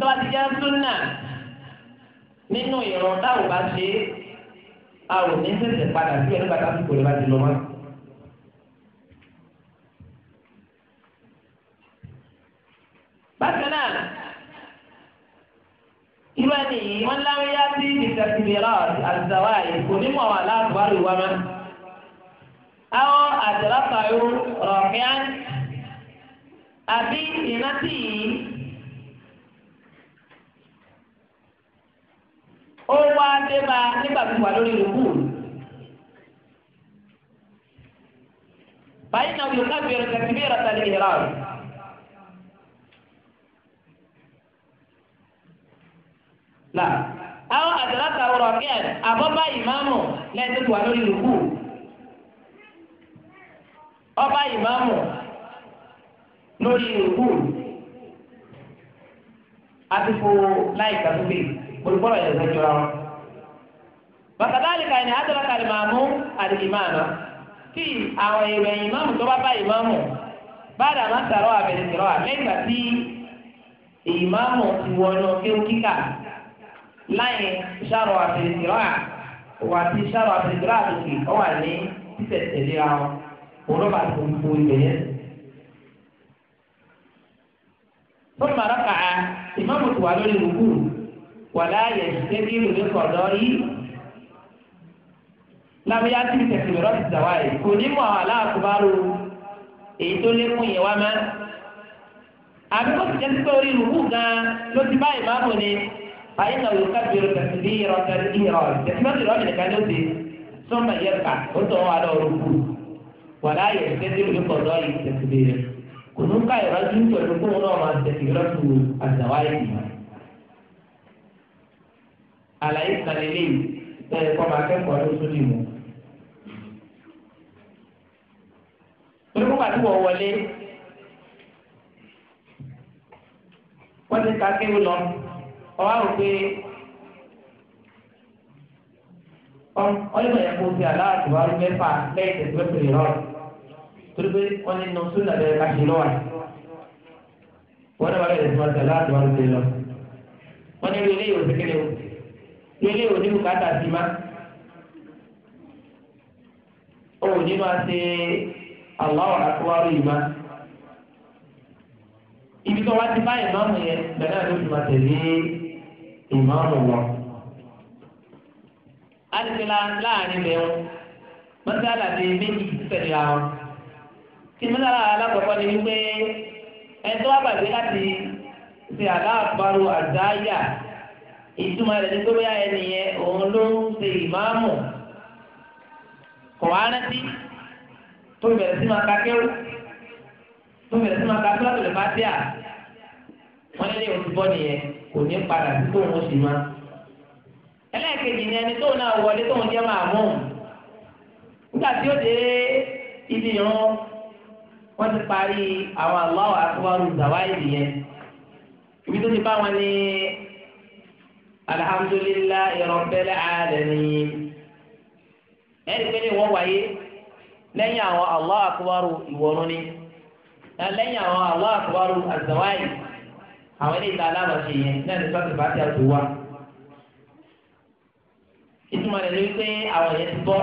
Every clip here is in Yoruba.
tọ́ba ti jẹ́ súnà nínú ìrọ̀ táwọn bá ṣe é a ò ní sẹ̀sẹ̀ padà sí ẹ̀rọ bàtà tó kòlè bá ti lọ mọ́. bákan náà irú ẹni yìí wọ́n láwọn yá sí ìtẹ̀síbìrọ̀ àtàwà yìí kò ní mọ̀ wà láàbùwárì wá mọ́. àwọn àtẹ̀látà yóò rọ̀ kíá àbí ìrántí yìí. ó wá dé bá nígbà tó wà lórí ìlú báyìí náà yóò ká bẹ̀rẹ̀ kàtí bí ìrọ̀tà lè yẹra o. là àwọn àdàlàtà ọ̀rọ̀ kí ẹ̀ àbọ̀bá ìmáàmù lẹ́yìn tó wà lórí ìlú ọba ìmáàmù lórí ìlú àti fo láì kàtó bẹ́ẹ̀ olùkọ́ rẹ̀ lẹ́sẹ̀ jọra wọn. bàtàkàlìkà ni àdàlàkà lè máa mú àdìgbìmáàmà tí àwọn èrò ẹ̀yìn máàmù tó bá bá ìmáàmù báàdà máa ń sàrọ̀ àbẹ̀rẹ̀ sọ̀rọ̀ àmẹ́gbà tí ìmáàmù ti wọnú kéwù kíkà láì sàrọ̀ àbẹ̀rẹ̀ sọ̀rọ̀ à wà ti sàrọ̀ àbẹ̀rẹ̀ sọ̀rọ̀ àtòkè ọ wà ní títẹ̀tẹ̀lé ra wọn òun ló bá tó gbogbo ibẹ̀ yẹn. tó màrá kàá ìmáàmù tó wà lórí rúkúrú wàlá yẹ̀sẹ̀ bí lòdì kọ̀dọ̀ yìí lábẹ́yà tí tẹ̀sí lọ́rọ́ ti dà wáyé kò ní mọ̀ àwọn aláàkúbárò èyí tó lékún yẹn wá má. àbí kó ti jẹ́ sí pé orí rúkú gan-an ló ti bá ìmáàmù ni báyìí náà yóò kábíyèrè tẹ̀sí bí ìrọ̀ tẹ̀sí ìrọ̀ tẹ̀sí bí ìrọ̀ nìkan ló ti sọ́mà yẹ ká ó tọ̀ wá lọ rúkú wàlá yẹ̀sẹ̀ bí lòdì kọ̀dọ̀ yìí tẹ̀sí bí rẹ̀ kò ní ká ìrọ̀jú pẹ̀lú kó àlàyé ìsàlẹ̀lẹ̀ yìí tẹ̀lé kọ́ máa kẹ́kọ̀ọ́ ló tún lè mú. torí wọ́n àti wọ́n wọlé wọ́n ti ka kéwù lọ ọwọ́ àwọn pé ọlọ́mọ yẹn kó fi aláàtò wa mẹ́fà lẹ́yìn tẹ̀síwẹ́sì rẹ̀ rọ̀ torí pé wọ́n ní nà sún nàbẹ̀rẹ̀ káṣí lọ́wọ́ wọ́n náà wà lẹ́yìn tẹ̀síwẹ́sì aláàtò wa lọ́wọ́ lọ wọ́n ní ilé yóò ti kéde o tẹlẹ òní bùkátà sí ma òní máa ṣe Allahu Akbar yìí ma ibi tó wá ti bá ìmáàmù yẹn bẹ̀rẹ̀ ló ti máa tẹ̀lé ìmáàmù wọn. alìsílá láàrin bẹ̀rù mọ́sálà ti méjì tẹ̀lé àwọn. tí mọ́sálà alákọ̀ọ́kọ́ ni wípé ẹni tó láti ṣe aláàbárò àdáyà. ìtumọ̀ rẹ̀ ní gbọ́dọ̀ ẹni yẹn òun ló ń ṣe ìmáàmù kọ̀wárántí tó bẹ̀rẹ̀ sí máa ka kéwù tó bẹ̀rẹ̀ sí máa ka kílọ̀tù lè máa tíà wọ́n lé oṣù bọ́ nìyẹn kò ní padà sí tóun ó sì ẹlẹ́ẹ̀kejì ni ẹni tóun náà wọlé tóun jẹ́ máa mú ibi ìrún wọ́n ti parí àwọn àlọ́ ibi tó ti bá wọn ní. alhamdulillahi rabbil alamin ẹni pé ní wọ́n wáyé lẹ́yìn àwọn allah akubaru ìwọ̀rún ni lẹ́yìn àwọn a akubaru azawai àwọn ilé ìta alábàṣe yẹn na ní sọ́ọ̀tì fàtí àti wá ìtumọ̀ rẹ̀ ni wípé àwọn yẹn ti bọ́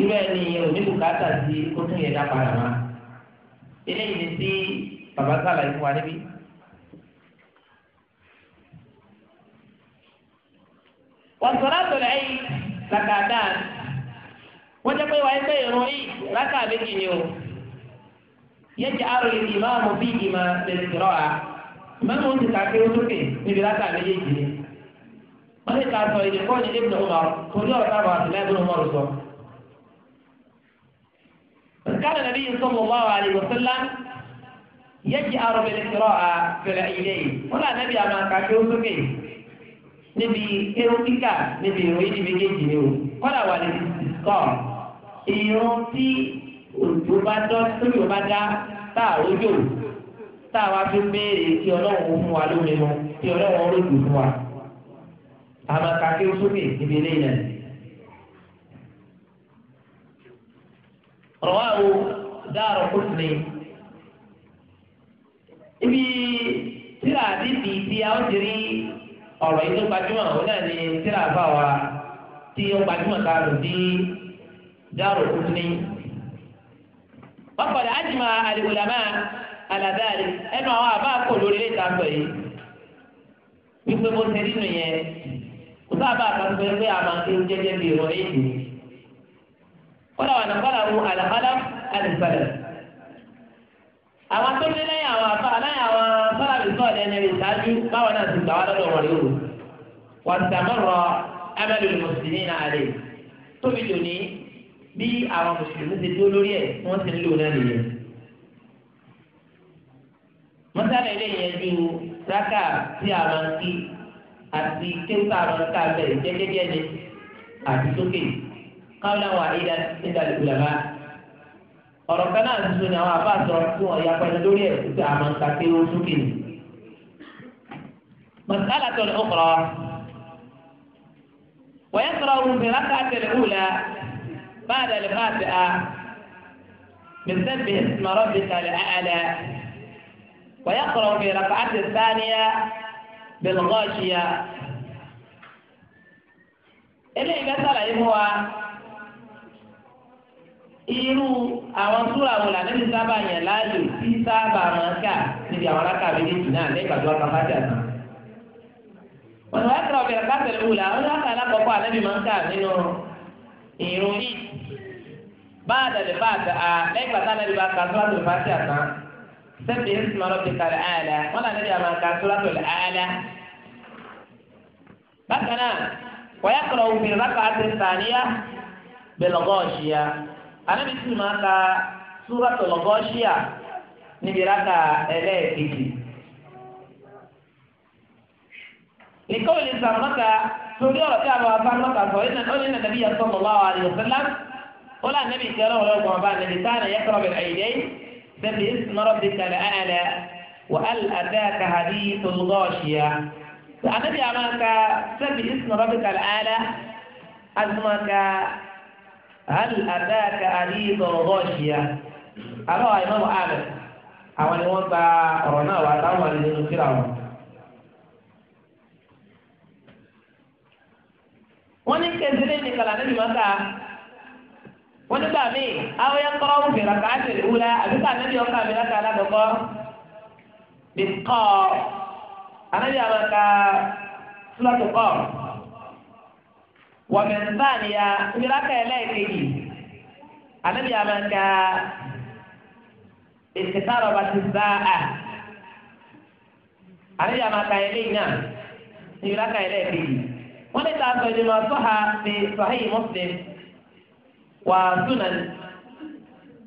irú ẹni yẹn ò sí kó tún yẹn dá padà má eléyìí ni sí wọ́n sọ̀rọ̀ àtọ̀rọ̀ ẹ̀yìn làkàdá wọ́n jẹ́ pé wàá pé ìrún yìí rákà méjì ni o yẹ́jẹ̀ àrò yìí máa mú bí ìmọ̀ lẹ́sìn rọ̀ à mẹ́rin ó ti ta kí ó sókè níbi rákà méjì ni wọ́n lè ta sọ èdè kọ́ọ̀dì ibùdó ọmọ torí ọ̀tá àwọn àtìlẹ́yìn ibùdó ọmọ rẹ̀ sọ. كان النبي صلى الله عليه وسلم يجأر بالقراءة في العيدين ولا نبي أما كاكيو سكي níbi irun kíkà níbi irun yìí méjèèjì ni o kọ́dà wà ní sọ irun tí òjò bá dán tójò bá dá tá a tá a wá fi béèrè kí ọlọ́run fún wa lómi mu kí ọlọ́run rògbò fún wa àmọ́ kàkí ibi tí ti ọ̀rọ̀ yìí tó gbajúmọ̀ òun náà ni tíra bá wa tí ó gbajúmọ̀ ká lò sí dárò kúndínlẹ̀. wọ́n kọ̀dọ̀ ájìmọ̀ àdìgbòlámà àlàdáàlì ẹnu àwọn àbá kò lórí ilé ìtàkùn yìí wípé mo ti nínú yẹn kò sábà kan pé pé àmà ń jẹjẹ bí ìwọ èyí. kọ́lá wà ní kọ́lá mu àlàkálá àdìgbàlẹ̀. àwọn tó lé lẹ́yìn àwọn àbá lẹ́yìn àwọn sọ́lá àlùkò ọ̀dẹ́ni rẹ̀ ṣáájú báwọn náà ti gbà wá lọ́dọ̀ wọn lóru wàtàmọ́rọ̀ amẹ́lò mùsùlùmí náà rè tóbi lónìí bí àwọn mùsùlùmí ti dúró lórí ẹ̀ wọ́n ti ń lò náà nìyẹn. mọ́sálà ilé yẹn ju rákà tí a máa ń kí àti kéwùtà àwọn ọ̀ká bẹ̀rẹ̀ jẹ́jẹ́jẹ́ ni àti sókè káwọn àwọn àyídá nígbàlè gbùlàmá ọ̀rọ̀ kan náà tuntun ni àwọn àbá sọ fún ọ̀yà pẹ̀lú lórí ẹ̀ kúta àmọ́ ń ka kéwù sókè nìyẹn. مسألة أخرى ويقرأ في بركعة الأولى بعد الفاتحة من سبه اسم ربك الأعلى ويقرأ في بركعة الثانية بالغاشية إلي مثلا هو iru أو sura wo la ne ti sábà yẹn láàyè tí sábà máa wọn wá kọ́ ọ̀bẹ̀rẹ̀ káfẹ́rẹ́ wù la wọn láka alákọ̀ọ́kọ́ anábì máa ń kà nínú ìrún yìí báà dàdé báà dà á lẹ́gbà tá anábì bá ka sọ́lá tó lè fàtí àtà sẹ́bi ń sùnmọ́ lọ́bi kàlẹ́ àlà wọn là anábì àmà ka sọ́lá tó lè àlà. bákan náà wọ́n yà kọ́ ọ̀bẹ̀rẹ̀ rákà àti sàníyà bẹ̀lọ́gọ́ọ̀ṣìyà anábì sì máa ka súrà tó lọ́gọ́ọ̀ṣìyà níbi rákà ẹlẹ́ẹ̀kejì. لقول سلمة سوري أو تعالى سلمة سورينا أولينا النبي صلى الله عليه وسلم ولا النبي كان ولا قام بعد النبي كان يقرب العيدين باسم ربك لأعلى وهل أتاك حديث الغاشية النبي أمامك سبي اسم ربك الأعلى أزمك هل أتاك حديث الغاشية أرى إمام أحمد أولي وانت أرنا وأتعوى لنذكره wọ́n ní kẹsìlẹ̀ ní kàlàdé ló ká wọ́n ní gbà mí àwọn yẹn kọ́ ọ́n fèrè kàá tẹ̀lé wúlá àbí ká anábì ọkọ àmì lákà alágbàgbọ́ bí kọ́ anábì àwọn ká fúlọ́tù kọ́ wọ́n mẹ́rin báà níyà ibi lákà ẹ̀ lẹ́ẹ̀kejì anábì àwọn ká ìsìkárọ̀ bá ti sá à wọ́n ní tàbí ẹni máa sọ ha fi sahih Muslim wà sunan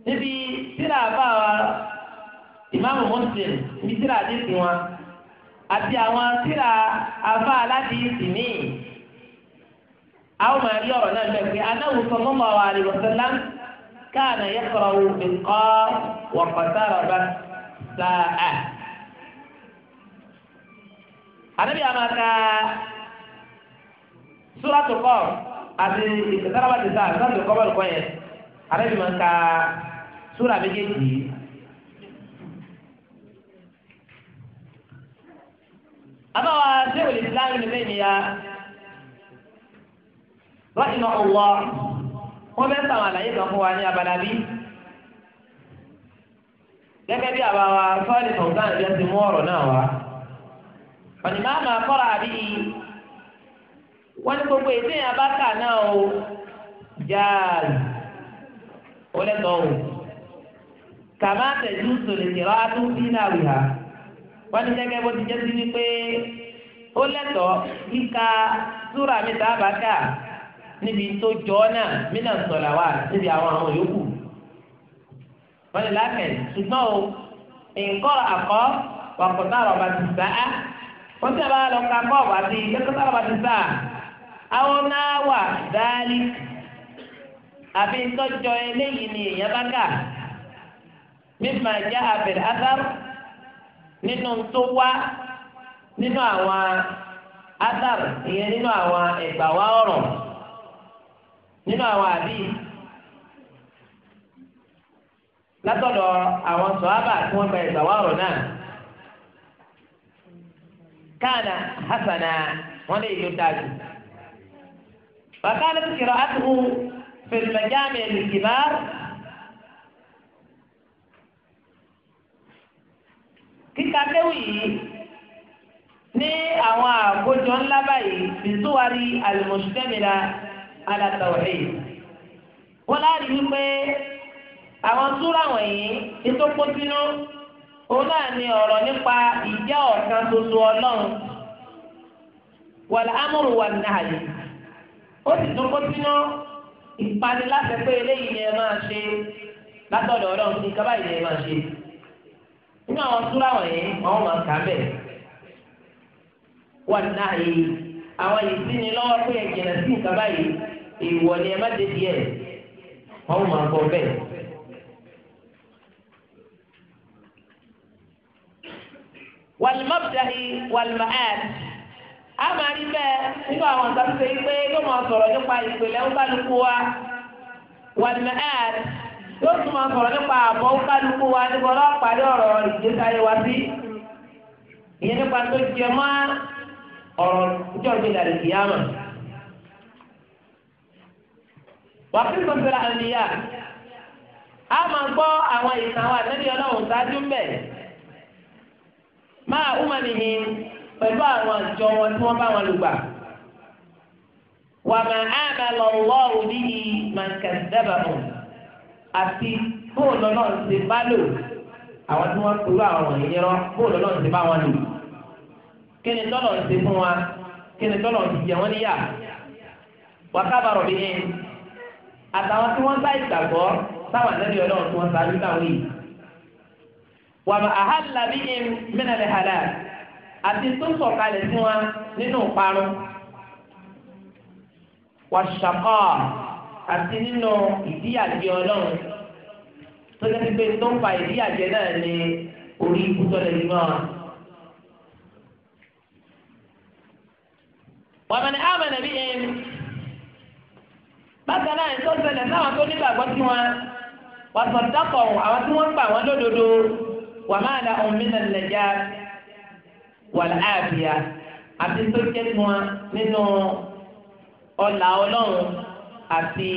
níbi tíra bá wa ìmáàmù Muslim níbi tíra àdìsí wọn àti àwọn tíra afá aládìsí míì àwọn máa rí ọ̀rọ̀ náà lẹ́gbẹ̀ẹ́ anáwó sallallahu alaihi wasallam káàna yaqra'u biqaa wa qataraba sáà. àdébíyàmá ká. Sura kọ́ àti ìtẹ̀sárábà ti sá súrátù kọ́ bọ́ọ̀lù kọ́ yẹn àrẹ́bí máa ń ka súrà méjèèjì àbáwá sẹ́wọ̀n ìsìláàmù ní bẹ́ẹ̀ ni ya rọ́ìnà ọ̀wọ́ wọ́n fẹ́ sàwọn àlàyé kan fún wa ní abala bí gẹ́gẹ́ bí àbáwá sọ́ọ̀lì sọ̀tàn ìjọsìn mú ọ̀rọ̀ náà wá. Ònìmọ̀ àmà kọ́ra àbí wọ́n ní gbogbo èdè yẹn bá kà náà o jáàlì ó lẹ́tọ̀ o kàmá tẹ̀jú sòlè jẹ̀rọ atún bí náà wì hà wọ́n ní gẹ́gẹ́ bó ti jẹ́ sí wípé ó lẹ́tọ̀ kíka súrà mi tá a bá kà níbi tó jọ náà mí náà sọ̀rọ̀ wá níbi àwọn àwọn yòókù wọ́n ní lákẹ̀ ṣùgbọ́n o nǹkan àkọ́ wàkùnrin náà rọ̀ bá ti wọ́n ti bá lọ ka kọ́ọ̀bù àti kẹ́kẹ́ sára bá ti àwọn máa wà dáálí àbí tọ́jọ́ eléyìí ni èèyàn bá kà mímọ ìjà àbẹ̀rẹ̀ ádámù nínú tó wá nínú àwọn ádámù ìyẹn nínú àwọn ẹ̀gbà wá ọ̀rọ̀ nínú àwọn àbí látọ̀dọ̀ àwọn sọ̀hábà tí wọ́n gba ẹ̀gbà wá ọ̀rọ̀ náà káàna hasana wọ́n lè yọ dájú. فكانت قراءته في المجامع الكبار kíka kéwì yìí ní àwọn àkójọ ńlá báyìí bìtúwárí àlùmọ̀ṣùtẹ́mìlà alàtàwọ̀hẹ́ wọn láàrin wípé àwọn súrà wọ̀nyí ìtòkótínú òun náà ni ọ̀rọ̀ nípa ìjẹ́ ọ̀kan tuntun ọlọ́run wàlámùrù wà náà yìí ó sì tún kó sínú ìpani láti pé eléyìí ni ẹ máa ṣe látọ̀dọ̀ ọlọ́run sí kábàáyì ni ẹ máa ṣe nínú àwọn súrà wọ̀nyí àwọn máa kà bẹ́ẹ̀ wà náà yìí àwọn yìí sí ni lọ́wọ́ pé ẹ̀jẹ̀ rẹ̀ sí kábàáyì ìwọ ni ẹ má dé díẹ̀ wọ́n máa gbọ́ bẹ́ẹ̀. wàlúmọ̀bùdáhì wàlúmọ̀ẹ́ẹ̀dì. a máa rí bẹ́ẹ̀ nínú àwọn nǹkan tó ṣe pé yóò máa sọ̀rọ̀ nípa ìpìlẹ̀ ńkálukú wa wàlùmẹ̀ ẹ́ẹ̀d yóò tún máa sọ̀rọ̀ nípa àbọ̀ ńkálukú wa nípa ọlọ́pàá ọ̀rọ̀ ìgbésayé wa sí ìyẹn nípa tó jẹ mọ́ ọ̀rọ̀ ìjọ àníyá a máa gbọ́ àwọn ìtàn máa pẹ̀lú àwọn àjọ wọn tí wọ́n bá wọn lùgbà. wà máa àmà lọ lọ́ọ̀rù níyì máa ń kẹ̀sídẹ́bà mọ̀ àti bóòlù náà ti bá lò àwọn tí wọ́n pẹ̀lú àwọn wọ̀nyí yẹn lọ bóòlù náà ti bá wọn lò. kí ni tọ́lọ̀ ń ṣe fún wa kí ni tọ́lọ̀ ń jẹ wọ́n níyà wà kábàárọ̀ bí yẹn àtàwọn tí wọ́n sáì gbàgbọ́ sáwọn àtẹ́bí ọlọ́run tí wọ́n sáájú táwọn yìí wà máa àhàlà bí yẹn mẹ́nàlẹ́ àti tó sọ̀kalẹ̀ fún wa nínú ìparun wàṣàkọ́ àti nínú ìdíyàjẹ ọlọ́run tó jẹ́ pípé tó ń fa ìdíyàjẹ náà ní orí ìbúsọ̀lẹ̀ nínú wa. wàmẹ̀ni àmẹ̀nẹ̀ bí ẹ̀yìn bákan náà tó ṣẹlẹ̀ sáwọn tó nígbàgbọ́ sí wọn wàṣọ̀dákọ̀ àwọn tí wọ́n gbà wọ́n lódodo wàmáàlà ọ̀mìnà lẹ̀já wàlá àbíyá àti tó jẹ́ fún wa nínú ọlà ọlọ́run àti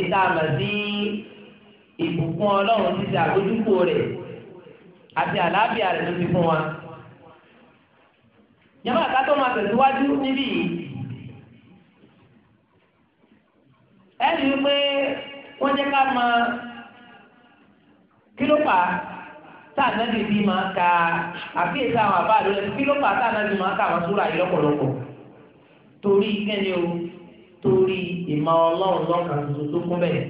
ìta àmàdí ìbùkún ọlọ́run ti ṣe àgbójúkú rẹ̀ àti àlàáfíà rẹ̀ ló ti fún wa. Ìjọba àkátó máa tẹ̀síwájú níbí yìí. Ẹ rí i pé wọ́n jẹ́ ká mọ kí ló fà á. táànàbì bí máa ka àfíìsí àwọn àbá àdúrà kí ló fà táànàbì máa ka àwọn súrà yìí lọ́pọ̀lọpọ̀ torí kẹ́ni o torí ìmọ̀ ọlọ́run lọ́kàn tuntun tó kún bẹ́ẹ̀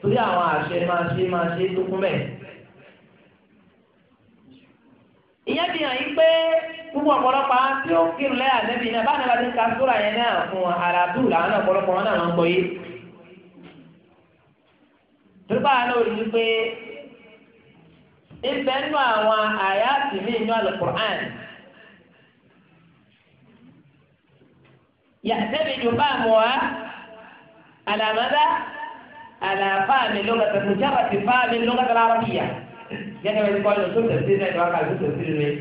torí àwọn àṣẹ máa ṣe máa ṣe tó kún bẹ́ẹ̀. ìyẹn fi hàn yín pé gbogbo ọ̀pọ̀lọpọ̀ tí ó kírun lẹ́yà báyìí ka yẹn náà fún làwọn ọ̀pọ̀lọpọ̀ wọn náà máa ń gbọ́ yé. torí báyìí ibẹ̀ nù àwọn àyàtì ní inú alukur'an. yàtẹ̀bi jùbá mùwá alamada alafáàmì lókàtà mùjábàtì fáàmì lókàtà lárabíyà gẹ́gẹ́ bí kọ́ ló tó tẹ̀sí rẹ̀ ní wákàtí tó tẹ̀sí rẹ̀.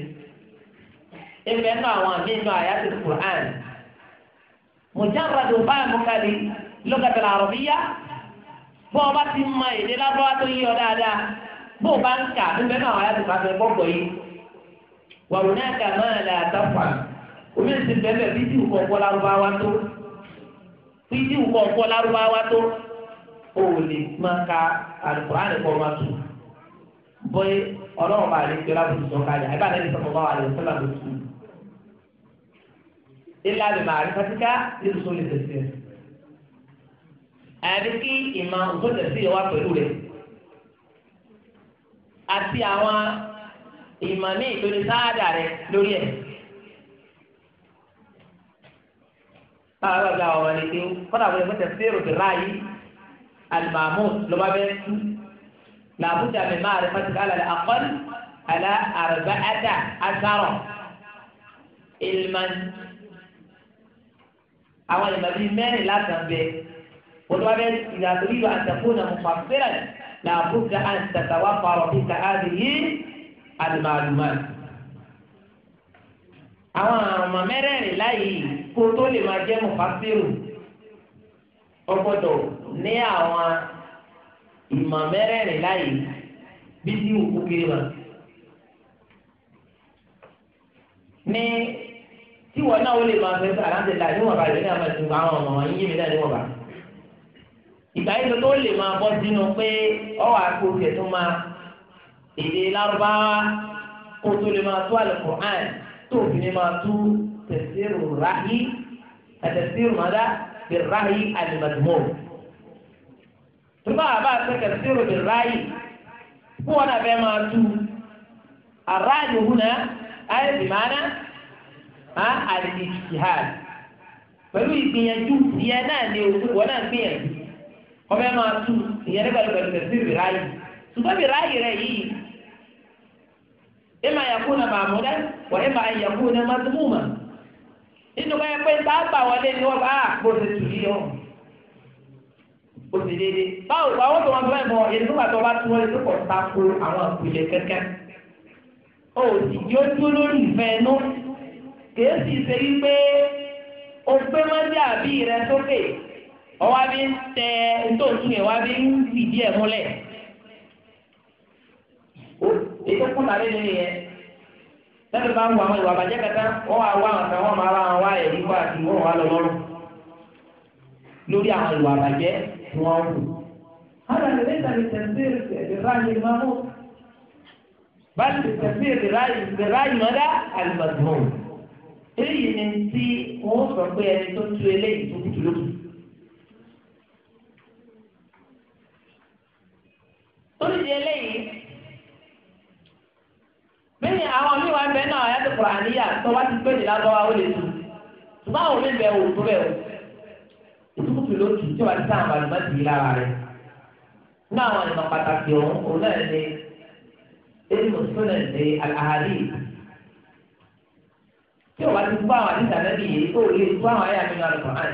ibẹ̀ nù àwọn àmì inú àyàtì kur'an. mùjábàtì fáàmì kàlí lókàtà lárabíyà bọ́ọ̀ bá ti mọ èdè lábọ́ wá tó dáadáa bó o bá ń kà níbẹ̀ náà wàá ti pàṣẹ gbọ́gbọ́ yìí wàrú náà kà máa là àtàkùn omi ẹ̀sìn bẹ́ẹ̀ fídíò kọ̀ọ̀kọ́ lárúbáwá tó fídíò kọ̀ọ̀kọ́ lárúbáwá tó o lè máa ka àlùkùránì kọ́ máa tù bóyá ọlọ́run bá lè jọlá bó ti sọ kalẹ̀ àbí àlẹ́ ìsọ̀rọ̀ bá wà lè sọ́lá bó ti ilá mi máa rí fatika nínú sólì tẹ̀sí ẹ̀ àbí kí ìmọ̀ òtó tẹ̀sí ẹ̀ wá pẹ̀lú rẹ̀ àti àwọn ìmọ̀mí ìtòlè sáádà rẹ lórí ẹ̀. báwa bá gba ọ̀rọ̀ lè kéwú kọ́dà wọlé fún tẹ̀síìrù ti ráàyè alimami ló bá bẹ́ẹ̀ tú làbújá mi máa rẹ fásitì alàlẹ́ àkọ́lù alá àrùbá ẹ̀dá asárọ̀ ilman àwọn ìmọ̀mí mẹ́rin látàn bẹ́ẹ̀ wọ́n bá bẹ́ẹ̀ ìyàtọ̀ yìí wà àtẹ̀kùn náà làbúdà àǹtàtàwà parọ̀ bí káàdì yìí àlùmàlùmá. àwọn àrùn mẹ́rẹ̀ẹ̀rin láyé kó tó lè máa jẹ́ mùfásírù ó gbọ́dọ̀ ní àwọn ìmọ̀ mẹ́rẹ̀ẹ̀rin láyé bí tí òkú kiri ma. ní tí wọn náà ó lè máa fẹ́ sọ àlàǹtẹ̀ láì níwọ̀nba ìwé náà máa ti gba àwọn ọmọ yín yé mi náà níwọ̀nba ìgbà yìí tó lè máa bọ́ sínú pé ọwọ́ àpò tẹ̀ tó máa èdè lárúbáwá kó tó lè máa tó alukur'an tó fi lè máa tú tẹ̀síìrù ráhí tẹ̀síìrù mọ́dá bí ráhí alimadumọ́. tó bá a bá a sọ tẹ̀síìrù bí ráhí kó wọn abẹ́ máa tú aráàlú húnà ayé bìmánà á àlè ìjìhàn pẹ̀lú ìgbìyànjú tiẹ̀ náà ni òkú wọn náà gbìyànjú. ọbẹ̀ máa tú ìyẹn nígbà tó bẹ̀rẹ̀ yi rìráyì ṣùgbọ́n rìráyì rẹ̀ na ima yakuna maamuda wa ima yakuna madhmuma nínú ma. yẹ pé tá a gbà wọlé ni a ah, kó o ti tù yí o o ti dédé báwo báwo tó tó tó tó tó tó ta ko àwọn o lórí kèésì o gbé àbí sókè ọwọ́ bí ń tẹ ntòsí yẹn wá bí ń fìdí ẹ̀ múlẹ̀ ètò kúta lé lórí yẹn lẹ́nu bá ń wọ àwọn ìwà àbàjẹ́ kẹta wọ́n wá wá àwọn àtàwọn máa wá àwọn wá ẹ̀rí wá àti wọ́n wá lọ lọ́rùn lórí àwọn ìwà àbàjẹ́ tí wọ́n ń wù. هذا ليس للتنفير بالرأي المامور بل للتنفير بالرأي بالرأي ماذا؟ المذموم. èyí ni tí wọ́n sọ pé ẹni tó tu eléyìí tó tu lókè. torí di eléyìí bẹ́ẹ̀ni àwọn míì wá bẹ́ẹ̀ náà ayáto kura àníyà tó wá ti gbẹ́dì lágbára ó lè tù ṣùgbọ́n àwọn míì bẹ́ẹ̀ wò tó bẹ́ẹ̀ o ìtukùtù ló tù tí wàá ti sáà màlúmọ́ tì í lára rẹ̀ nínú àwọn àlùmọ́ pàtàkì ọ̀hún òun náà ní ẹni mùsùlùmí ní àhàlì tí wàá ti gbọ́ àwọn àdìsá náà nìyí ó lè gbọ́ àwọn àyà mi lọ́nà kọ̀ọ̀án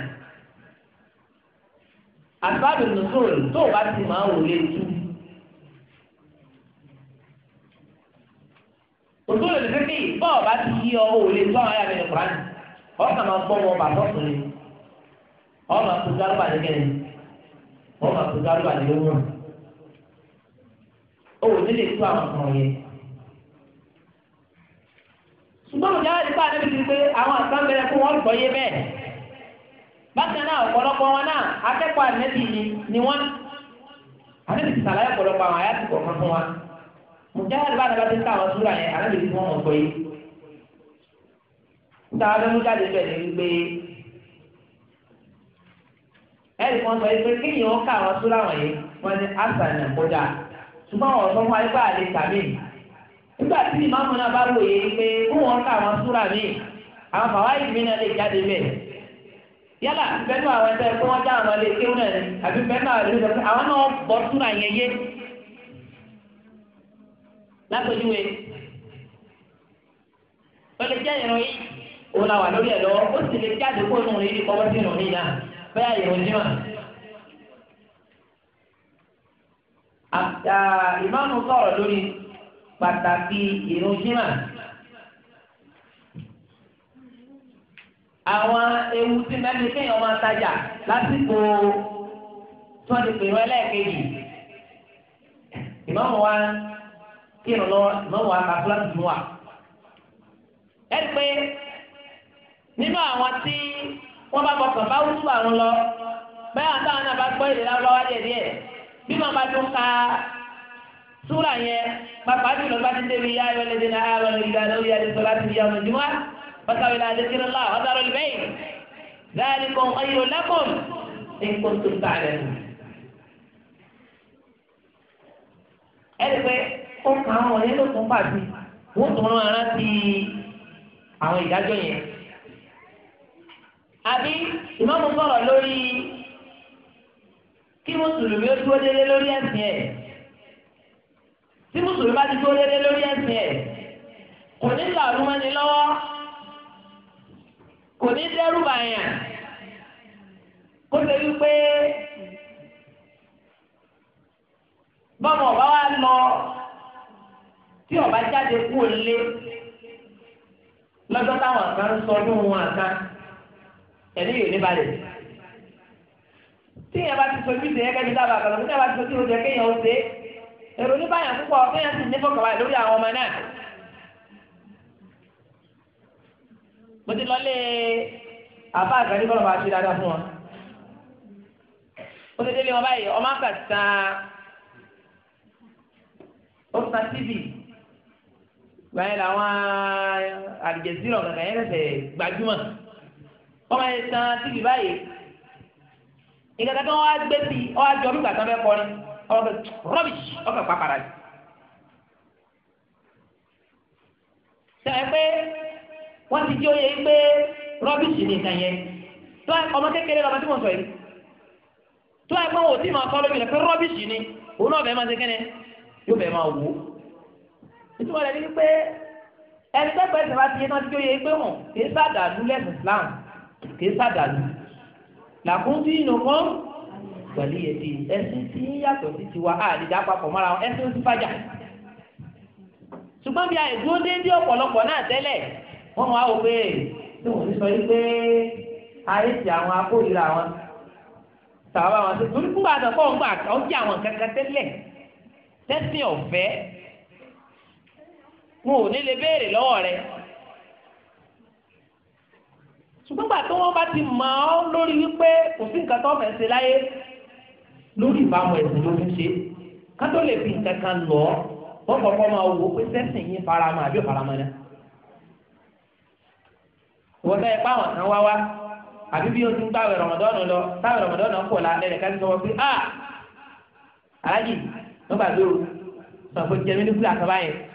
àtúbàbí nùsùlùmí tó wàá ti òtún lè fi kí bọ́ọ̀ bá ti yí ọ ò lè tọ́ àyà mi ní kúránì ọ̀sán máa gbọ́ wọn bàtọ́ fún mi ọ̀ máa tó gálùbà ní kẹ́ni ọ̀ máa tó gálùbà ní lówó ò ní lè tó àwọn kan yẹn. ṣùgbọ́n mo jáde nípa àdébí ti pé àwọn àtàn bẹ̀rẹ̀ fún wọn gbọ́ yé bẹ́ẹ̀ bákan náà ọ̀pọ̀lọpọ̀ wọn náà akẹ́kọ̀ọ́ àdébí ni wọ́n àdébí ti sàlàyé ọ̀pọ̀lọpọ̀ àwọn àyàtìkọ̀ kan fún wa mujahid bá nàbà ti ń káwọn súra yẹn alábìrì tí wọn mọ pé sáà bẹ mujahid bẹ́ẹ̀ ni wípé ẹnì kan sọ yìí pé kéèyàn ká àwọn súra wọn yìí wọn ní asànà kọjá ṣùgbọ́n wọn sọ fún wa pé àlè tàmí nígbà tí ìmáàmù náà bá wòye pé kó wọn ká àwọn súra mi àwọn bàbá yìí mi náà lè jáde bẹ́ẹ̀ yálà bẹ́ẹ̀ náà àwọn ẹgbẹ́ kó wọn dá àwọn ilé kéwọn náà ni àbí bẹ́ẹ̀ náà àwọn náà bọ súra yẹn yé lápẹjúwe ó lè jẹ́ ìrún yìí òun la wà lórí ẹ̀ lọ́wọ́ ó sì lè jáde kó nù yìí kọ́wọ́ sí nù yìí náà bẹ́ẹ̀ ìrún jimá. ìmáàmù sọ̀rọ̀ lórí pàtàkì ìrún jimá. àwọn ewu tí mẹ́rin kéèyàn máa tajà lásìkò tí wọ́n ti pè wọ́n lẹ́ẹ̀kejì ìmáàmù wa kírun lọ́wọ́ ìmọ̀wọ́ àkàtúrà dùn wà. ẹ rí pé nínú àwọn tí wọ́n bá gbọ́kàn bá wúlú àwọn lọ bẹ́ẹ̀ àwọn táwọn náà bá gbọ́ èdè lọ́wọ́ díẹ̀ díẹ̀ bí wọ́n bá tún ka súrà yẹn pàpà jùlọ bá ti débi yá ayọ̀ lẹ́dẹ̀ náà ayọ̀ lẹ́dẹ̀ náà lórí adéṣọ láti yá ọmọ ìdìmọ́ pàtàkì náà adéṣirò ńlá ọ̀dàrọ̀ lẹ́yìn láàrin kan ayọ̀ lẹ́kùn nǹkan tó ń tà lẹ́nu. ẹ rí pé ó kàn án wọ̀nyẹn ló tún pàdé wọ́n tún máa rántí àwọn ìdájọ́ yẹn. àbí ìmáàmù sọ̀rọ̀ lórí kí mùsùlùmí ó dúró délé lórí ẹ̀sìn ẹ̀ tí mùsùlùmí bá ti dúró délé lórí ẹ̀sìn ẹ̀ kò ní làrú mọ́ni lọ́wọ́ kò ní dẹ́rù bàyàn kó ṣe wípé bọ́mọ̀ bá wà lọ tí ọba jáde kú lé lọ́jọ́ táwọn kan sọ ọdún wọn kan ẹ̀mí yóò ní balẹ̀. tí ìyẹn bá ti sojú ṣe ẹgẹ́ bí dábàá kan lọ tí ìyẹn bá ti sojú ṣe kéèyàn ó ṣe èrò oníbàyàn púpọ̀ kéèyàn sì ní fọkànwá lórí àwọn ọmọ náà. mo ti lọlé àbá àgbàdo bọ́lá bá ṣe dáadáa fún wọn. ó ti délé wọn báyìí ọmọ àkàtà ó ta tíìbì gbàyẹn làwọn àdìjẹsílọ kankan yẹn lẹsẹ gbajúmọ̀ ọmọ yẹn tán síbi báyìí ìkàkà tó wá gbé sí ọ wá jọ nígbà tó fẹ́ kọrin ọmọ bẹ rọbìṣì ọkọ pàpàrà yìí. sẹ́yìn pé wọ́n ti jẹ́ oyè pé rọbìṣì nìkan yẹn tó ọmọ kékeré lọ́mọ tí mo sọ yìí tó ẹgbẹ́ wo tí màá kọ́ lómi rẹ̀ pé rọbìṣì ni òun náà bẹ́ẹ̀ máa ṣe kẹ́ni yóò bẹ́ẹ̀ máa wò ó ìtumọ̀ rẹ̀ ni pé ẹni pẹ́pẹ́ ìsìn bá ti yé náà tí ó yẹ pé hàn kì í sàdàlú lẹ́sìn Islam kì í sàdàlú làkúntì ìnùkọ́ pẹ̀lú ẹbí ẹ̀sìn tí ń yàtọ̀ sí tiwa àdìjà papọ̀ mọ́ra wọn ẹ̀sìn tí fàjà ṣùgbọ́n bí a ìdúró déédéé ọ̀pọ̀lọpọ̀ náà tẹ́lẹ̀ wọ́n máa wò pé tí wọ́n ti sọ yìí pé ayé ti àwọn akóyìnrà wọn tàbá wọn tó torí kúgbà àtọ̀kọ́ ọ̀gbà ọ̀gbà àwọn kankan tẹ́lẹ̀ wọn ò ní lè béèrè lọ́wọ́ rẹ ṣùgbọ́n gbà tí wọ́n bá ti mọ̀ ọ́ lórí wípé kò sí nǹkan tó fẹ́ẹ́ ṣe láyé lórí ìbámu ẹ̀sìn ló ń ṣe ká tó lè fi nǹkan kan lọ wọ́n kọ́kọ́ máa wò ó pé sẹ́sìn yín farama àbí òfarama náà wọ́n tẹ́ pa àwọn kan wá wá àbí bí o ti ń gbàwé rọmọdọ́nù lọ táwé rọmọdọ́nù pọ̀ la lẹ́rẹ̀ ká ti sọ wọ́n pé ah alájì nígbà tó o sọ jẹ́mi ní fúlà kan báyẹn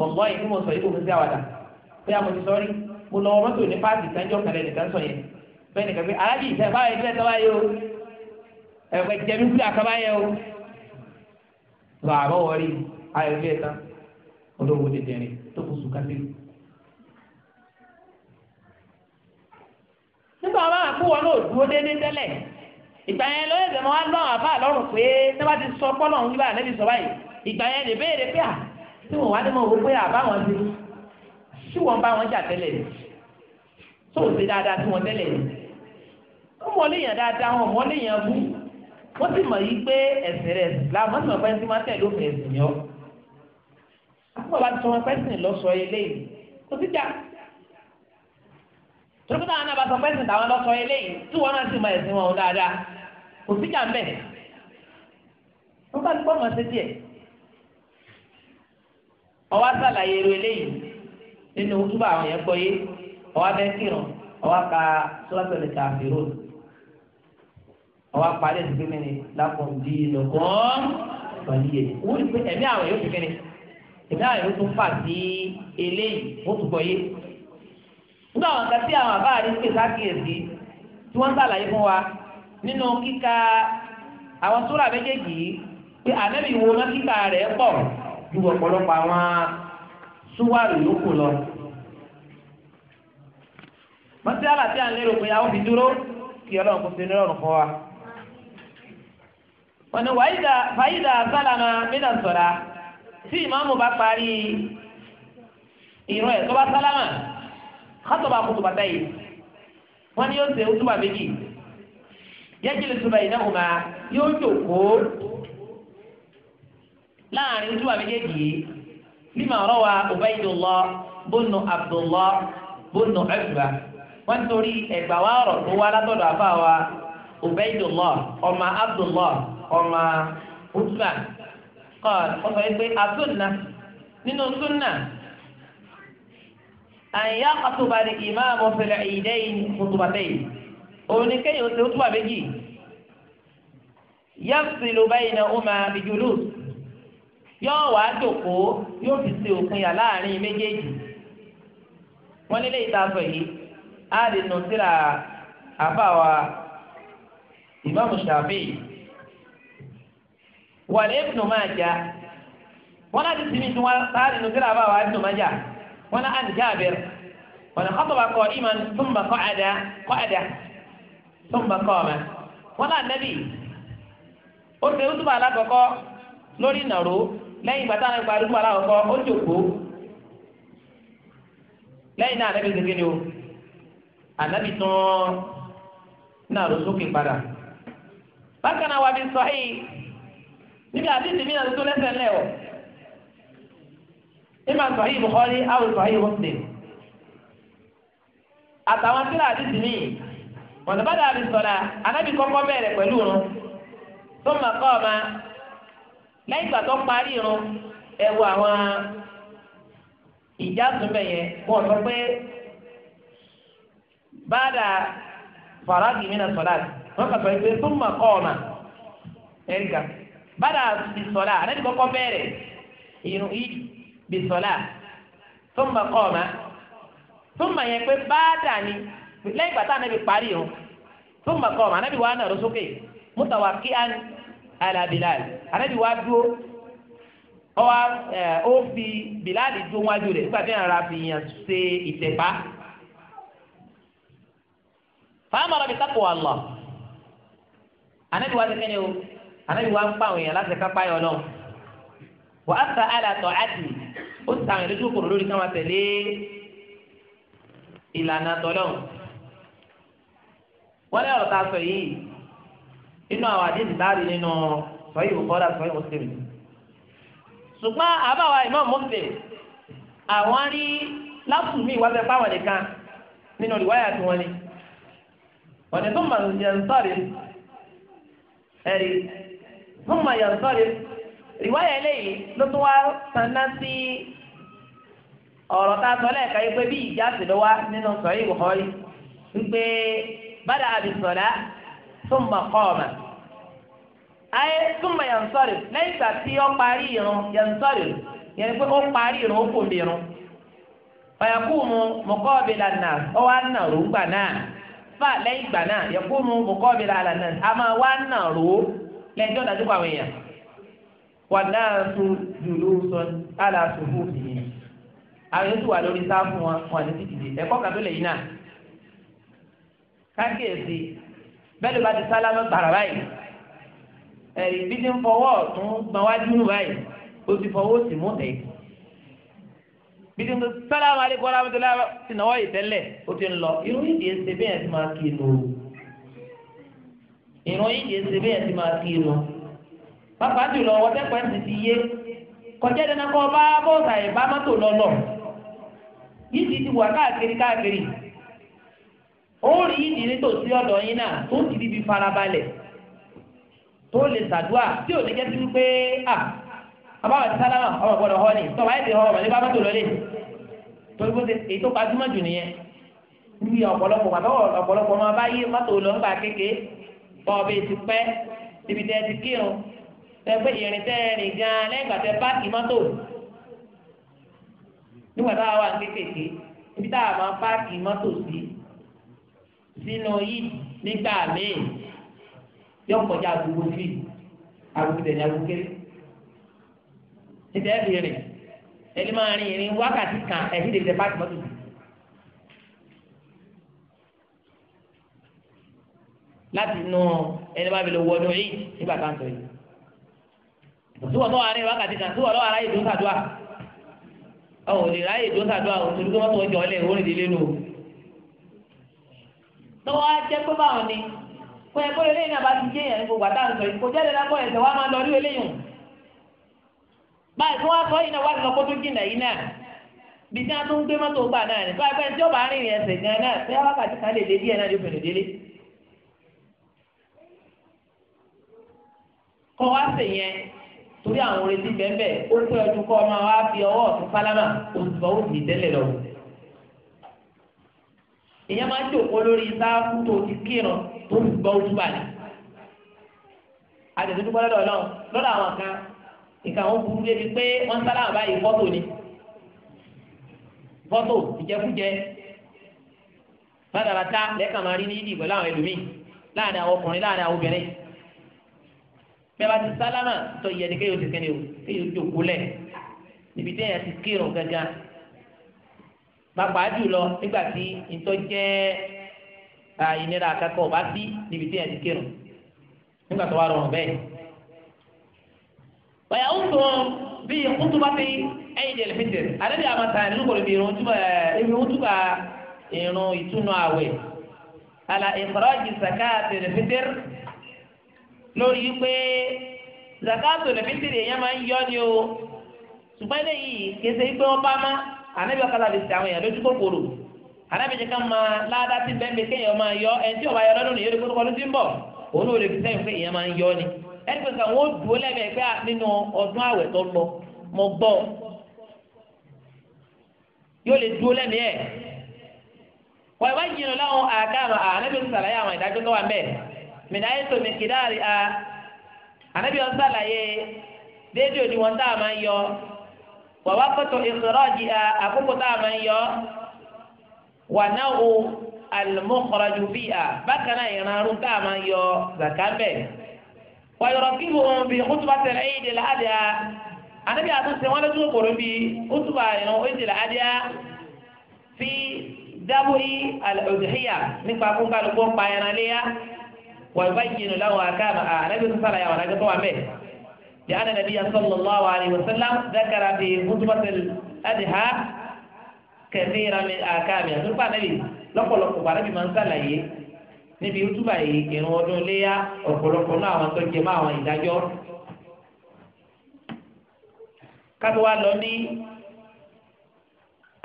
wọ̀nbọ́ yìí kí mo sọ yìí kò fi sí àwàdà pé àmọ̀ ti sọ́rí mo lọ mọ́tò ní páàkì ìtànjọ́ kan lẹ́nìkan sọ yẹn bẹ́ẹ̀ nìkan pé aláàjì ìtẹ́ báyọ̀ ìtẹ́ tẹ́ báyọ̀ o ẹ̀fẹ̀ jẹ̀mí kúlẹ̀ àkàbá yẹ o lọ àbọ̀ wọlé ayọ̀ ilé ẹ̀ta olówó tètè rìn tó kù sùn kásìrì. nígbà wọn máa kó wọn náà dúró déédéé tẹ́lẹ̀ ìgbà yẹn lọ́yẹ̀dẹ̀ máa lọ́rùn àbá lọ́rùn pé tí wọ́n ti sọ pọ́lọ́run nígbà nẹ́bí sọ báyìí ìgbà yẹn lè béèrè pé à tí wọ́n wá ní mọ̀ wọ́n pé àbáwọn ti tí wọ́n bá wọn jà tẹ́lẹ̀ ni tó o ṣe dáadáa tí wọ́n tẹ́lẹ̀ ni wọ́n mọ léèyàn dáadáa wọn mọ léèyàn bú wọ́n sì mọ̀ yìí pé ẹ̀sìn rẹ̀ làwọn mọ̀ sí wọn pẹ́ sí máa tẹ̀lé òfin ẹ̀sìn yọ. àkókò bá ti sọ wọn pẹ́ sìn lọ́sọ eléyìí kò sí jà torí pé táwọn náà bá sọ pẹ́ sìn táwọn lọ́sọ eléyìí tí wọ́n náà sì mọ ẹ̀sìn wọn dáadáa kò sí jà ń bẹ̀. bá ti pọ́ ọmọ ṣe díẹ̀ ọwọ́ sàlàyé eré eléyìí nínú túbọ̀ àwọn yẹn gbọ́ yé ọwọ́ abẹ́ kírun ọwọ́ ka sọ́lọ́sọ̀lẹ̀ kàfíró ọwọ́ parí ẹ̀sìn pínpín ni lápọ̀n di lọ́kàn pẹ̀lú yẹn wọ́n ti pé ẹ̀mí àwọn yóò fi kíni ẹ̀mí àwọn yóò tún fà sí eléyìí wọ́n tún gbọ́ yé nígbà wọn kà sí àwọn àbá àrísíkè sákìyèsí tí wọ́n sàlàyé fún wa nínú kíka àwọn súrà méjèèjì pé ànábì wo lọ kíka rẹ̀ pọ̀ ju ọ̀pọ̀lọpọ̀ àwọn súwárì yòókù lọ. mọ́tí àlàtí à ń lérò pé àwọn fi dúró kí ọlọ́run kò sí ní ọ̀rùn fún wa. ọ̀nà fàyídà sálàmà mídà sọ̀rà tí ìmáàmù bá parí ìrun ẹ̀ tó bá sálàmà kátọ̀bà kùtù bàtà yìí wọ́n ní yóò ṣe ó túbà méjì yẹ́jìlì túbà yìí náà kò máa yóò jòkó láàrin ojú àmì méjèèjì yìí lima rọwa Ubaydullah bónú Abdullah bónú ẹgbà wọn torí ẹgbà wa ọ̀rọ̀ tó wá látọ̀dọ̀ àfa wa Ubaydullah ọmọ Abdullah ọmọ Utba kọl ọsọ yìí pé asunna nínú sunna àyà kàtúbà ní ìmáàmù fẹlẹ ìdẹyìn kùtùbàtẹyìn òun ni kéèyàn ó ti ó túbà méjì yàtìlú báyìí na ó máa bìjúlù. yóò wá jókòó yóò fi ṣe òpin yà láàrin méjèèjì wọn nílé ìtafẹ yìí á lè nù síra àbáwa ìmáàmù Ṣàfi wàlẹ́ Ibnu Majah wọn láti sinmi tí wọn á lè nù síra àbáwa Ibnu Majah wọn náà á ní Jabir wọn náà kọ́tọ̀ bá kọ́ ìmàn thumma qa'ada qa'ada thumma qama wọn náà nẹ́bì ó ṣe rúdùbà alákọ̀ọ́kọ́ lórí ìnàró. lẹ́yìn ìgbà táwọn ìgbà aláwọ̀kọ́ ó lẹ́yìn náà o ànábì tán náà ló sókè padà bákan náà wà bí sọ yìí níbi àdìsí mi náà tó lẹ́sẹ̀ ńlẹ̀ o ìmà sọ àwọn sọ àtàwọn mi dàbí sọ̀rọ̀ kọ́kọ́ bẹ̀rẹ̀ pẹ̀lú lẹ́yìn ìgbà tó parí irun ẹ wo àwọn ìjásùn bẹ̀ yẹn wọ́n sọ pé báàdà faragi mina sọ̀láàtì wọ́n kà sọ pé tó mà kọ́ ọ̀nà ẹ̀ríkà báàdà bisọ̀lá àrẹ́dì kọ́kọ́ bẹ̀rẹ̀ irun ìdì bisọ̀lá tó mà kọ́ ọ̀nà tó mà yẹn pé báàdà ni lẹ́yìn ìgbà tá ànábì parí irun tó mà kọ́ ọ̀nà ànábì wà á nàró sókè mutawakian ala bilal anabi wa dúró ọwa ẹ ó fi bilali dúró wájú rẹ̀ nígbà tí yàrá ra fi yàn ṣe ìtẹ̀pá fàámàrà bi taqwa Allah anabi wa ti kẹ́ni o anabi wa ń pa àwọn èèyàn láti kápá yọ lọ wà á sa ala ta'ati ó sa àwọn ìlú kòrò lórí káwọn tẹ̀lé ìlànà tọ́lọ́ wọ́n lé ọ̀rọ̀ ta sọ yìí inú àwọn àdéhùn láàrí nínú sọyí òkọ́dà sọyí mùsùlùmí. ṣùgbọ́n àbáwá ìmọ̀ mùsùlùmí àwọn rí láfùmí wáṣẹ fáwọn nìkan nínú ìwáyà tí wọ́n ní. ọ̀nà tó mà ń sọ̀rí ẹ̀rí tó mà yàn sọ̀rí ìwáyà eléyìí ló tún wá sanná sí ọ̀rọ̀ tá a sọ lẹ́ẹ̀ka yìí pé bí ìjà sì ló wá nínú sọyí òkọ́ yìí wípé bàdà àbí sọ̀rọ̀ ثم قام ayé túmọ̀ yansọ́rì lẹ́yìn ti tí parí irun yansọ́rì yẹn pé ó parí irun ó kò lè irun fàyàkùmù mùkọ́bìlà náà ó wá nà ró gbà náà fà lẹ́yìn ìgbà náà yàkùmù mùkọ́bìlà a máa wá nà ró lẹ́yìn tí dájú pàwọn wà náà tó àlà sùkú àwọn yóò tún wà lórí sáfù wọn ní bẹ́ẹ̀ ló bá ti sálámà gbàrà báyìí ẹ̀rí bí ti ń fọwọ́ ọ̀tún gbọ̀nwájú nù báyìí ó ti fọwọ́ òsì mú tẹ̀ bí ti ń sọ sálámà alẹ́kọ̀ọ́ alámọ́tòlá ti náwó yìí tẹ́lẹ̀ ó ti ń lọ irú ìdí ẹsẹ̀ bẹ́ẹ̀ ti máa kí inú ìrún ìdí ẹsẹ̀ bẹ́ẹ̀ ti máa kí inú pápá jùlọ wọ́tẹ́pẹ́ ti ti yé kọjá dandan kọ́ bá bọ́ọ̀sà ẹ̀ bá mọ́tò lọ́lọ́ yìí ti ti wà káàkiri ó rí ìdílé tó sí ọ̀dọ̀ yín náà tó ti di bí farabalẹ̀ tó lè ṣàdúrà tí ò ní jẹ́ sí pé à àbáwọ̀ ti sálámà ọmọ gbọ́dọ̀ họ ni tọ́ba ẹ̀ ti họ ọmọ nípa mọ́tò lọ́lẹ̀ torí bó ṣe èyí tó gbajúmọ̀ jù nìyẹn níbi ọ̀pọ̀lọpọ̀ pàtàkó ọ̀pọ̀lọpọ̀ máa bá yí mọ́tò lọ́ngbà kéke bọ́ọ̀bì ti pẹ́ ibi tẹ́ ti kírun tẹ́gbẹ́ ìrìn tẹ́ rìn gan lẹ́gbàá tẹ́ páàkì mọ́tò nígbà táwa wà kékèké ibi táwa máa páàkì mọ́tò sí sínú yìí nígbà míì yóò kọjá àdúgbò sí àdúgbò tẹ̀lé àdúgbò kéré níta ẹ̀ fi rìn ẹni máa rìn ìrìn wákàtí kan ẹ̀sìn lè tẹ pàtó mọ́tò. láti nù ẹni bá fi lè wọnú yìí nígbà tá à ń sọ yìí. túwọ̀ tó wà ní wákàtí kan túwọ̀ lọ́wọ́ aráyè tó ń sàdúrà. àwọn lè ráyè tó ń sàdúrà òtún tó mọ́tò ọjọ́ ọlẹ́ ìwọ́n ìdílé nù lọ́wọ́ á jẹ́ pé báwọn ni kò yẹ kó eléyìí náà bá ti jẹ́ yẹn gbogbo àtàwọn sọ yìí kò jẹ́ dandan kó ẹsẹ̀ wá máa lọ rí eléyìí báyìí tí wọ́n sọ yìí náà wá sọ kó tó jìnnà yìí náà bí tí wọ́n tún gbé mọ́tò gbà náà ni báyìí pẹ́ẹ́n tí ó bá rìn rìn ẹsẹ̀ gan náà bí wọ́n bá ti kálẹ̀ lé díẹ̀ náà ló fèrè délé. kọ́ wá sè yẹn torí àwọn orin ti bẹ́ẹ̀ bẹ́ẹ̀ ó pẹ́ ọdún kọ́ ọ máa wá fi ọwọ́ ọ̀tún pálámà òṣùpá òṣì èèyàn máa ń jòkó lórí sáfù tó ti kírun tó fi gbọ́ ojú balẹ̀ àtẹ̀tẹ̀ dúpọ́ lọ́dọ̀ náà lọ́dọ̀ àwọn kan nǹkan àwọn burú débi pé wọ́n sára àbáyé fọ́tò ni fọ́tò ìjẹkújẹ bàtàbàtà lẹ́ẹ̀kan máa rí ní ìdìbò láwọn ẹlòmíì láàrin àwọn ọkùnrin láàrin àwọn obìnrin bẹ́ẹ̀ bá ti sálámà tó yẹ ni kéèyàn ti kẹ́ni o kéèyàn jòkó lẹ̀ níbi téèyàn ti kírun gángan pàápàá jùlọ nígbà tí ntọ́ jẹ́ ìnira akẹ́kọ̀ọ́ bá sí níbi tí yẹn ti kírun nígbà tó wà rọrùn bẹ́ẹ̀. bàyà ó sọ bí kútùbà ti ẹ̀yìn dẹ̀ lẹ́fẹ̀tẹ̀ àdébí àmàtà nínú kò lè bí irun túbà ibi irun túbà irun ìtúnu àwẹ̀ àlà ìkọ̀rọ̀jì sàkáàtì lẹ́fẹ̀tẹ̀ lórí pé sàkáàtì lẹ́fẹ̀tẹ̀ èèyàn máa ń yọ ni o ṣùgbọ́n eléyìí kèsè pé wọ́n bá máa ànábì ọ̀kadà lè ṣe àwọn èèyàn lójú kòkòrò ànábì jẹ́ ká máa láadá tí bẹ́ẹ̀ bẹ́ẹ̀ kéèyàn máa yọ ẹni tí ọba yọ lọ́dún nìyẹn lóko lọ́dún tí ń bọ̀ òun ò lè fi sẹ́yìn pé èèyàn máa ń yọ ni ẹni pé kàn wọ́n dúró lẹ́mẹ̀ẹ́ pé nínú ọdún àwẹ̀ tó lọ mo gbọ́ yóò lè dúró lẹ́mẹ̀ẹ́ wọ́n ìwá yìí lọ́wọ́ àkàmà ànábì sàlàyé àwọn ìdájọ́ tó wà mẹ́ mìdáyé tó wàwá kótó ìsọ̀rọ̀jì àkókò tá a máa ń yọ wà náà o àlùmọ́kọ̀rọ̀jù bí a bákan náà ìrànrú tá a máa ń yọ zakambẹ̀. wàyọ̀rọ̀ kí ló ń bi kútùbà tẹ̀lé ẹ̀yìn ìdílé àdìyà ànábì àtúnṣe wọn lójú kòrò bí kútùbà ìrànwọ́ ìdílé àdìyà fi dábòrí àlùdìhíyà nípa fún kálukú pààyàn àléyà wàyọ̀bá yìí nù láwọn àkàmà ànábì tó sàlàyé àwọn àgbẹ̀tọ́ wà mẹ́ẹ̀. لأن النبي صلى الله عليه وسلم ذكر في خطبة الأدهى كثيرا من آكامها ثم قال النبي لقل قبر بمن سلعي níbi ìtúbà yìí ìrún ọdún léyà ọ̀pọ̀lọpọ̀ náà àwọn tó jẹ mọ́ àwọn ìdájọ́ kátó wá lọ ní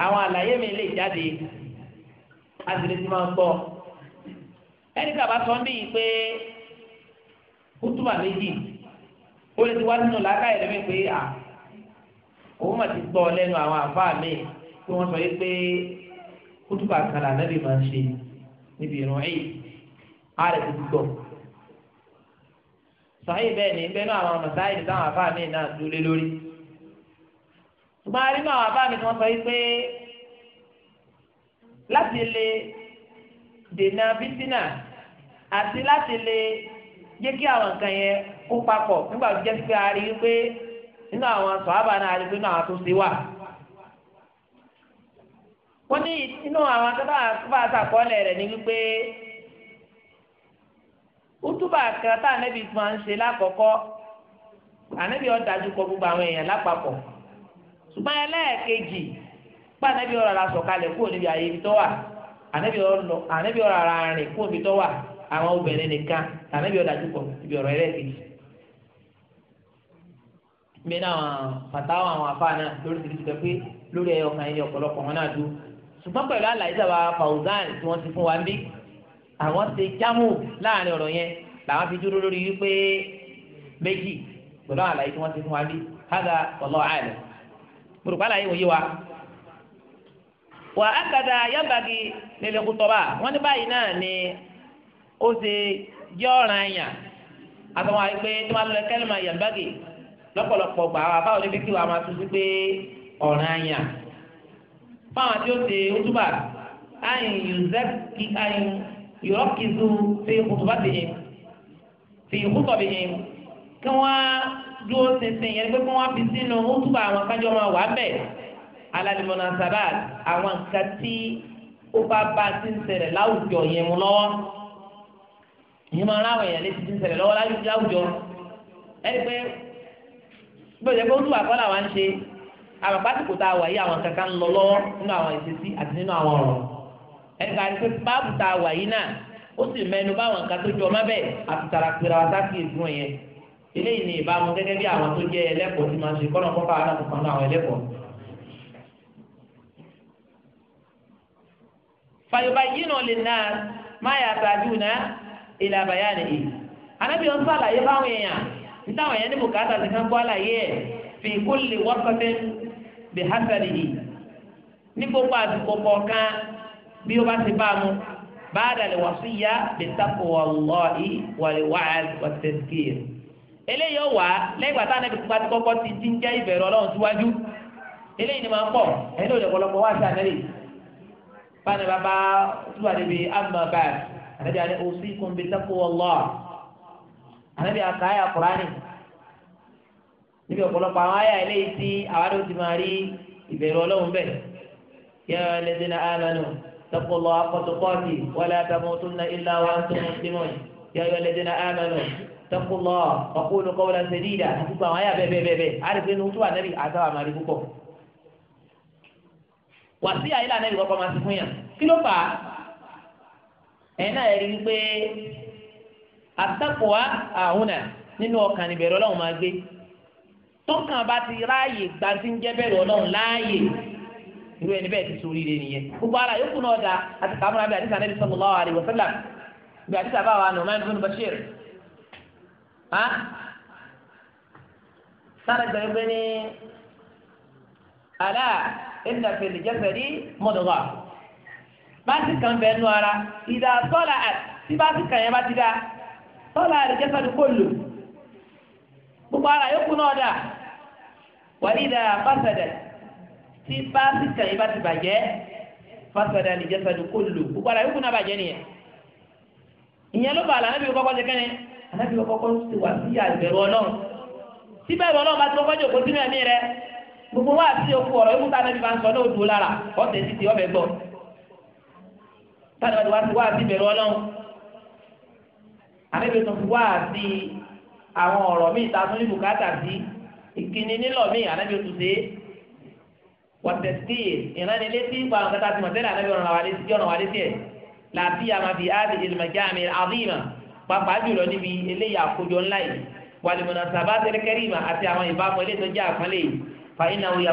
àwọn àlàyé mi lè jáde àtìlẹ́sì máa ń gbọ́ ẹnì kàbá sọ ń bí yìí pé kútùbà méjì ó lè ti wá nínú làákàyè lẹ́mí pé à òun mà ti gbọ́ lẹ́nu àwọn àfáà mi pé wọ́n sọ yìí kútùbà kan lànàbì máa ń ṣe níbi ìrun ẹ̀yìn á ti gbọ́. sọ̀hìn bẹ́ẹ̀ ni bẹ́ẹ̀ náà àwọn mọ̀sáìdì táwọn àfáà mi náà dúró lé lórí. ṣùgbọ́n a rí náà àwọn àfáà mi tí wọ́n sọ yìí pé láti lè dènà bísínà àti láti lè jẹ́ kí àwọn nǹkan yẹn kó papọ̀ nígbà tó jẹ́ pé a rí i pé nínú àwọn sọ̀hábà náà a rí i pé nínú àwọn tó ṣe wà. wọ́n ní inú àwọn akẹ́kọ̀ọ́ àkọ́bà àtàkọ́lẹ̀ rẹ̀ ni wípé útúbà kan tá ànẹ́bí máa ń ṣe lákọ̀ọ́kọ́ ànẹ́bí ọ̀dájú kọ gbogbo àwọn èèyàn lápapọ̀ ṣùgbọ́n ẹlẹ́ẹ̀kejì ànẹ́bí ọ̀rọ̀ sọ̀kalẹ̀ ibi gbé náà fàtàwọ àwọn afáà náà lórí tìrìtì pé lórí ẹyọ kan ẹyọ ọ̀pọ̀lọpọ̀ wọn náà dúró ṣùgbọ́n pẹ̀lú àlàyé sábà Fawzan tí wọ́n ti fún wa ń bí àwọn ṣe jámù láàrin ọ̀rọ̀ yẹn làwọn fi dúró lórí wípé méjì pẹ̀lú àlàyé tí wọ́n ti fún wa ń bí hádà ọ̀lọ́ àlẹ́ gbòdògbà àlàyé wòye wa wà á kàdà yábàgì nílẹ̀ kútọ́ba ní báyìí náà ni ó ṣe jẹ́ ọ̀ràn àyàn àtàwọn àyè pé tí wọ́n lọ lọ́pọ̀lọpọ̀ gbà wá báwo ni bí kí wàá máa tún sí pé ọ̀ràn àyà fáwọn tí ó ṣe ojúbà àyìn yòzẹ́kì àyìn yòrọ́kìzù fi kùtùbà bì yín fi kùtọ̀ bì yín kí wọ́n dúró ṣinṣin yẹn pé kí wọ́n fi sínú ojúbà àwọn kájọ́ máa wà bẹ́ẹ̀ alalimọ̀nà sabat àwọn nǹkan tí ó bá bá ti ń ṣẹlẹ̀ láwùjọ yẹn mu lọ́wọ́ ìyẹn máa ń ráwọ̀ yẹn létí ti ń ṣẹlẹ̀ lọ́wọ́ láwùjọ ẹni pé gbọ́dọ̀ pé olúwa kọ́ làwọn ṣe àwọn pásítọ̀ tá a wà yí àwọn kankan lọ lọ́wọ́ nínú àwọn ìṣesí àti nínú àwọn ọ̀rọ̀ ẹ̀ka pé báàbù tá a wà yí náà ó sì mẹ́nu bá àwọn kan tó jọ má bẹ́ẹ̀ àtúntàrà pèrè àwọn sáfì ìgbọ̀n yẹn eléyìí ni ìbámu gẹ́gẹ́ bí àwọn tó jẹ́ ẹlẹ́kọ̀ọ́ máa ṣe kọ́nà kọ́kọ́ àwọn àwọn ẹlẹ́kọ̀ọ́. fàyọ̀bá yìí lè nítawọn yẹn ní bùkátà ti kán bọ́ àlàyé ẹ̀ fi kulli waqtin bi hasabihi ní gbogbo àsìkò kọ̀ọ̀kan bí ó bá ti bá a mú ba'da al-wasiyya bi taqwallahi wal-wa'd wat-tadhkir eléyìí ó wà lẹ́yìn ìgbà táwọn ẹbí tó bá ti kọ́kọ́ ti ti ń jẹ́ ìbẹ̀rù ọlọ́run síwájú eléyìí ni máa ń pọ̀ ẹni òde ọ̀pọ̀lọpọ̀ wá sí àtẹ́lẹ̀ báyìí bàbá túbà níbi àmàbà àtẹ́lẹ̀ àti òsì kùnbi taqwallah ànábì àka àyà kúránì níbi ọ̀pọ̀lọpọ̀ àwọn àyà eléyìí tí àwárí ó ti máa rí ìbẹ̀rù ọlọ́run bẹ̀ yẹ ẹlẹ́dínà àmánù taqullah haqqa tuqati wala tamutunna illa wa antum muslimun yẹ ẹlẹ́dínà àmánù taqullah wa qulu qawlan sadida àtúgbò àwọn àyà bẹ́ẹ̀ bẹ́ẹ̀ bẹ́ẹ̀ àrègbè ní wútúwà nẹ́bí àtàwà máa wà sí àyílà nẹ́bí kọ́kọ́ máa ti fún yàn kí ló fà á ẹ̀ náà rí wípé àtàkùwá àhùnà nínú ọkàn níbẹ̀rù ọlọ́run máa gbé tọkàn bá ti ráàyè gbanti ń jẹ́ bẹ̀rù ọlọ́run láàyè irú ẹni bẹ́ẹ̀ ti sori rẹ nìyẹn gbogbo ara yókù náà da àti kàmúra bí àdìsá nẹ́bí sallallahu alaihi wasallam bí àdìsá bá wà Nu'man ibn Bashir sára gbẹ̀gbẹ̀ ni alá inna fil jasadi mudgha bá ti kàn bẹ́ẹ̀ nù ara ìdá sọ́la àti bá tọ́lá àdìjẹ́ sọ́dún kò lò gbogbo ara yókù náà dà wàlí ìdá fásẹ̀dẹ̀ tí bá sì kàyé bá ti bàjẹ́ fásẹ̀dẹ̀ àdìjẹ́ sọ́dún kò lò gbogbo ara yókù náà bàjẹ́ nìyẹn ìyẹn ló bá àlà anábìyẹ kọ́kọ́ ṣe kẹ́ni anábìyẹ kọ́kọ́ ti wà sí àgbẹ̀rù ọlọ́run tí bẹ́ẹ̀ ọlọ́run bá ti kọ́kọ́ jòkó sínú ẹ̀mí rẹ gbogbo wa àti okú ọ̀rọ̀ ikú táwọn ẹbí ń sọ náà dùn lára ọ̀tẹ̀ títí ọbẹ̀ gbọ́ táwọn ẹbí wá wá sí ìbẹ̀rù ọlọ́run àbẹ̀bẹ̀ tó wá sí àwọn ọ̀rọ̀ míì tá a tún ní bùkátà sí ìkíni nílọ̀ míì àbẹ̀bẹ̀ tó ṣe wọ̀tẹ̀sí ìránilétí ìgbà àwọn kẹta tí mọ̀tẹ́lẹ̀ àbẹ̀bẹ̀ ọ̀nà wà létí ẹ̀ láti àmàfi áàdì ìlmẹ̀jáàmì àdìmà pàápàá jùlọ níbi eléyà àkójọ ńlá yìí wàlùmọ̀nà sábà tẹ́lẹ̀ kẹ́rìmà àti àwọn ìbámu ilé tó jẹ́ àpọ́nlé yìí fa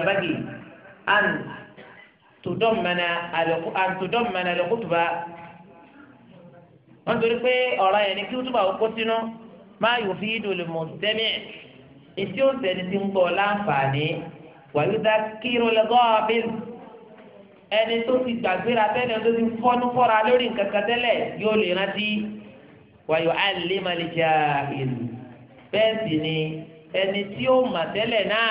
bági àn tùdọ́mọ̀nà àlùkùtùbà wọ́n torí pé ọ̀rọ̀ yẹn ni kí wútúbà ó kó sínú máa yòó fi ìdò lè mọ̀ tẹ́mí ẹ̀ etí ó sẹ́ni ti ń gbọ́ láǹfààní wàyúdà kírun lẹ́gọ́ àbíl ẹni tó ti gbàgbéra tẹ́lẹ̀ tó ti fọ́nú fọ́ra lórí nǹkan kan tẹ́lẹ̀ yóò lè rántí wàyò àlèmàlèjà ìlú bẹ́ẹ̀ sì ni ẹni tí ó mà tẹ́lẹ̀ náà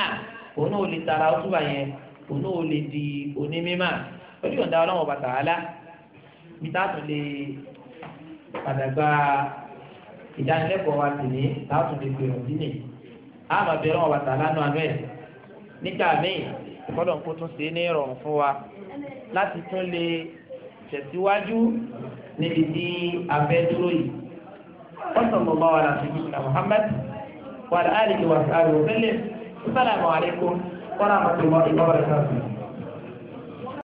òun ò lè tara wútúbà yẹn òun ò lè di onímímà ó lè yọ̀ǹda ọlọ́wọ́ bàtà wàhálà padàgbà ìdánilẹ́kọ̀ọ́ wa sì ní láàtún lè gbèrò sílẹ̀ àmọ́ bẹ̀rẹ̀ wọn bàtà lánàá àánú ẹ̀ nígbà míì kọ́dọ̀ ń kó tún ṣe ní ìrọ̀rùn fún wa láti tún lè tẹ̀síwájú níbi tí a fẹ́ dúró yìí wọ́n mọ̀ bá wa láti fi ṣe Muhammad wàlá àlejò wa sáré òfẹ́lẹ̀ sálàmù alaykum wa rahmatullahi wa barakatuh.